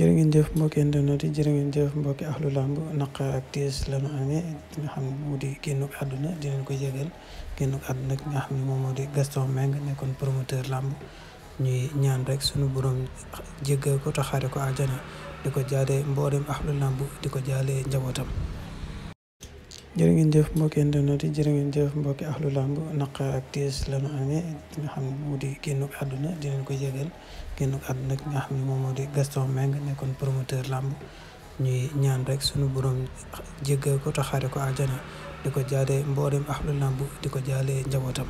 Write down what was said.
jërë ngeen jëf mbokki internet yi jërë ngeen jëf mbokki axlu làmb naqar ak tiis lañu amee nga xam ne moo di génnuk àdduna dinañ ko yëgal génnuk àdduna ki nga xam ne moom moo di Gaston Mbengue nekkoon promoteur làmb ñuy ñaan rek suñu borom jéggal ko taxaare ko aljana di ko jaale mboolem axlu làmb di ko jaalee njabootam jërë ngeen jëf mbokki internet yi jërë ngeen jëf mbokki axlu làmb naqar ak tiis lañu amee nga xam ne moo di génnuk àdduna dinañ ko yëgal génnuk àdduna ki nga xam ne moom moo di Gaston Mbengue nekkoon promoteur làmb ñuy ñaan rek sunu borom jéggal ko taxaare ko aljana di ko jaale mboolem axlu làmb di ko jaalee njabootam